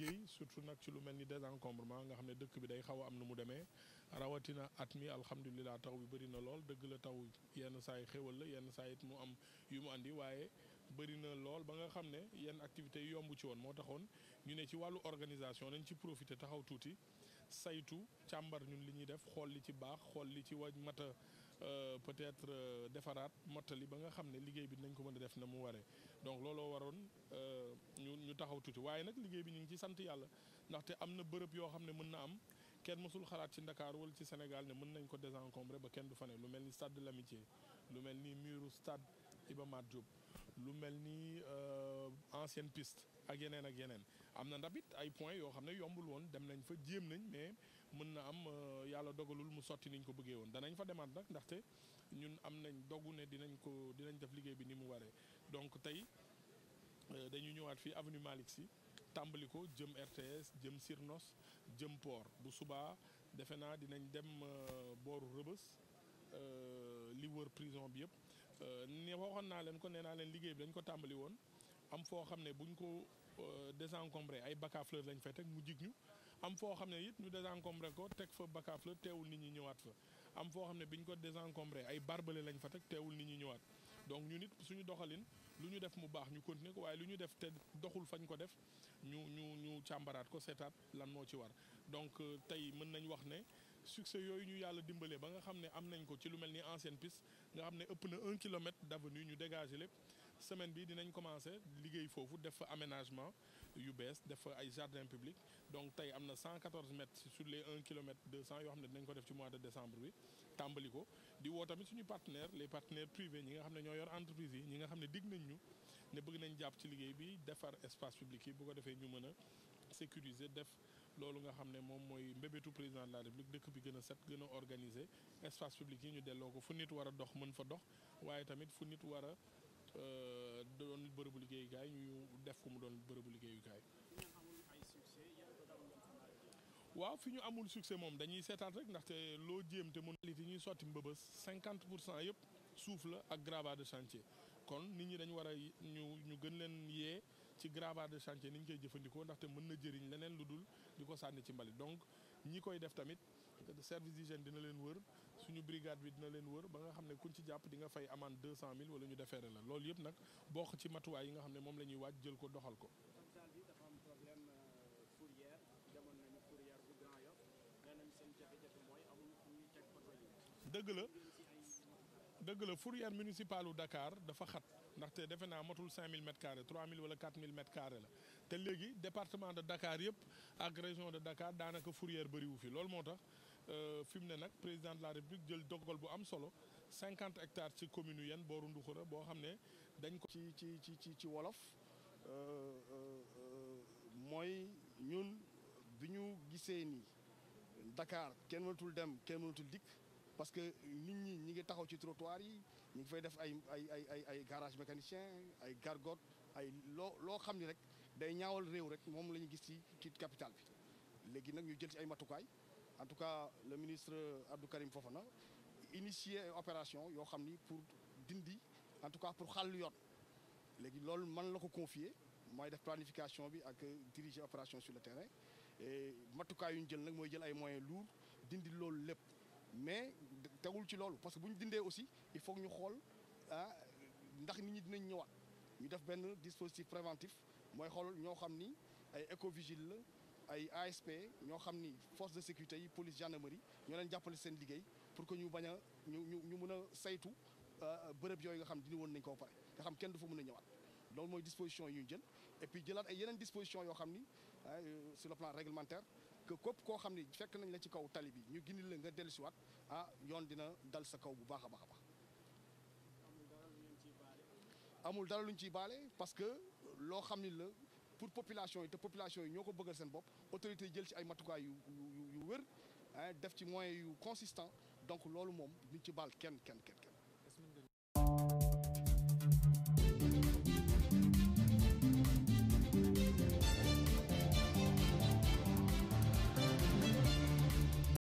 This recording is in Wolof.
liggéey surtout nag ci lu mel ni désencombrement nga xam ne dëkk bi day xaw a am nu mu demee rawatina at mi alhamdulilah taw bi bëri na lool dëgg la taw yenn saa yi xéwal la yenn saa mu am yu mu andi waaye bëri na lool ba nga xam ne yenn activités yi yomb ci woon moo taxoon ñu ne ci wàllu organisation nañ ci profité taxaw tuuti saytu càmbar ñun li ñuy def xool li ci baax xool li ci waj mata euh, peut-être euh, defaraat mottali ba nga xam ne liggéey bi nañ ko mën a def na mu waree donc looloo waroon euh, ñu ñu taxaw tuuti waaye nag liggéey bi ñu ngi ci sant yàlla ndaxte am na bërëb yoo xam ne mën na am kenn mësul xalaat ci Ndakaar ci Sénégal ne mën nañ ko désencombrer ba kenn du fa ne lu mel ni stade de l'amitié lu mel ni muru stade Iba Mar lu mel ni euh, ancienne piste ak yeneen ak yeneen am na ndabit ay points yoo xam ne yombul woon dem nañ fa jéem nañ mais mën na am euh, yàlla dogalul mu sotti niñ ko bëggee woon danañ fa demaat nag ndaxte ñun am nañ dogu ne dinañ ko dinañ def liggéey bi ni mu waree donc tey euh, dañu ñëwaat fii avenue Malick Sy tàmbali ko jëm RTS jëm Sirnos jëm poor bu subaa defe naa dinañ dem euh, booru Rëbës euh, li wër prison bi yëpp ne waxoon naa leen ko nee naa leen liggéey bi dañ ko tàmbali woon am foo xam ne buñ ko désencombré ay bac à lañ fay teg mu jig am foo xam ne it ñu désencombré ko teg fa bac à fleurs teewul nit ñi ñëwaat fa am foo xam ne biñ ko désencombré ay barbelé lañ fa teg teewul nit ñi ñëwaat donc ñu nit suñu doxalin luñu def mu baax ñu continuer ko waaye lu ñu def te doxul fañ ko def ñu ñu ñu càmbaraat ko seetaat lan moo ci war donc euh, tey mën nañ wax ne succès yooyu ñu yàlla dimbalee ba nga xam ne am nañ ko ci lu mel ni ancienne piste nga xam ne ëpp na un kilomètre d'avenue ñu dégagé lépp semaine bi dinañ commencé liggéey foofu def fa aménagement yu bees def fa ay jardin public donc tey am na 114 mètres sur les 1 kilomètre 200 yoo xam ne dinañ ko def ci mois de décembre bi tàmbali ko di woo tamit suñu partenaires les partenaires privés ñi nga xam ne ñoo yor entreprise yi ñi nga xam ne dig nañ ñu ne bëgg nañ jàpp ci liggéey bi defar espace public yi bu ko defee ñu mën a sécuriser def loolu nga xam ne moom mooy mbébétu président de la république bi gën a set gën a organiser espace public yi ñu delloo ko fu nit war a dox mën fa dox waaye tamit fu nit war a Euh, doon bërëbu liggéeyukaay ñu def ko mu doon bërëbu liggéeyu liggéeyukaay. waaw fi ñu amul succès moom dañuy seetaat rek ndaxte loo jéem te mën qualité ñuy sotti mbëbës cinquante pour cent yëpp suuf la ak gravat de chantier kon nit ñi dañu war a ñu ñu gën leen yee ci gravat de chantier ni ñu koy jëfandikoo ndaxte mën na jëriñ leneen lu dul di ko sànni ci mbali donc ñi koy def tamit service d'hygiène dina leen wër suñu brigade bi dina leen wër ba nga xam ne kuñ ci jàpp dinga nga fay amende deux cent mille wala ñu defeere la loolu yëpp nag bokk ci matuwaay yi nga xam ne moom la ñuy waaj jël ko doxal ko. Euh, dëgg la dëgg la fourrière municipale Dakar dafa xat ndaxte defe naa matul 5000 mètres carrés 3000 wala 4000 mètres carrés la te léegi département de Dakar yëpp ak de Dakar daanaka fourrière bëriwu fi loolu moo tax Euh, fi mu ne nag président de la république jël dogal bu am solo cinquante hectares ci commune yu yenn booru Nduxura boo xam ne dañ ko. ci ci ci ci ci wolof euh, euh, mooy ñun bi ñu gisee ni Dakar kenn mënatul dem kenn mënatul dikk parce que nit ñi ñi ngi taxaw ci trottoir yi ñu ngi fay def ay ay ay ay ay garage mécanicien ay gargote ay loo loo xam ni rek day ñaawal réew rek moom la ñu gis ci ci capitale bi léegi nag ñu jël ci ay matukaay. en tout cas le ministre Abdou Karim Fofana initier ay opération yoo xam ni pour dindi en tout cas pour xàll yoon léegi loolu man la ko confier mooy def planification bi ak diriger opération sur le terrain et matukaay yu ñu jël nag mooy jël ay moyens lourds dindi loolu lépp mais tegul ci loolu parce que bu ñu dindee aussi il faut ñu xool ah ndax nit ñi dinañ ñëwaat ñu def benn dispositif préventif mooy xool ñoo xam ni ay écovigile la ay ASP ñoo xam ni force de sécurité yi police gendarmerie ñoo leen jàppale seen liggéey pour que ñu bañ a ñu ñu ñu a saytu euh, bërëb yooyu nga xam dindi woon nañ ko ba pare nga xam kenn du fa mun a ñëwaat loolu mooy disposition yu ñu jël et puis jëlaat ay yeneen disposition yoo xam ni ah, euh, sur le plan réglementaire que képp koo xam ni fekk nañ la ci kaw tali bi ñu gindi la nga dellusiwaat ah yoon dina dal sa kaw bu baax a baax a baax amul dara parce que loo xam ni la pour population yi te population yi ñoo ko bëggal seen bopp autorités jël ci ay matukaay yu yu yu wër def ci moyens yu consistant donc loolu moom duñ ci baal kenn kenn kenn.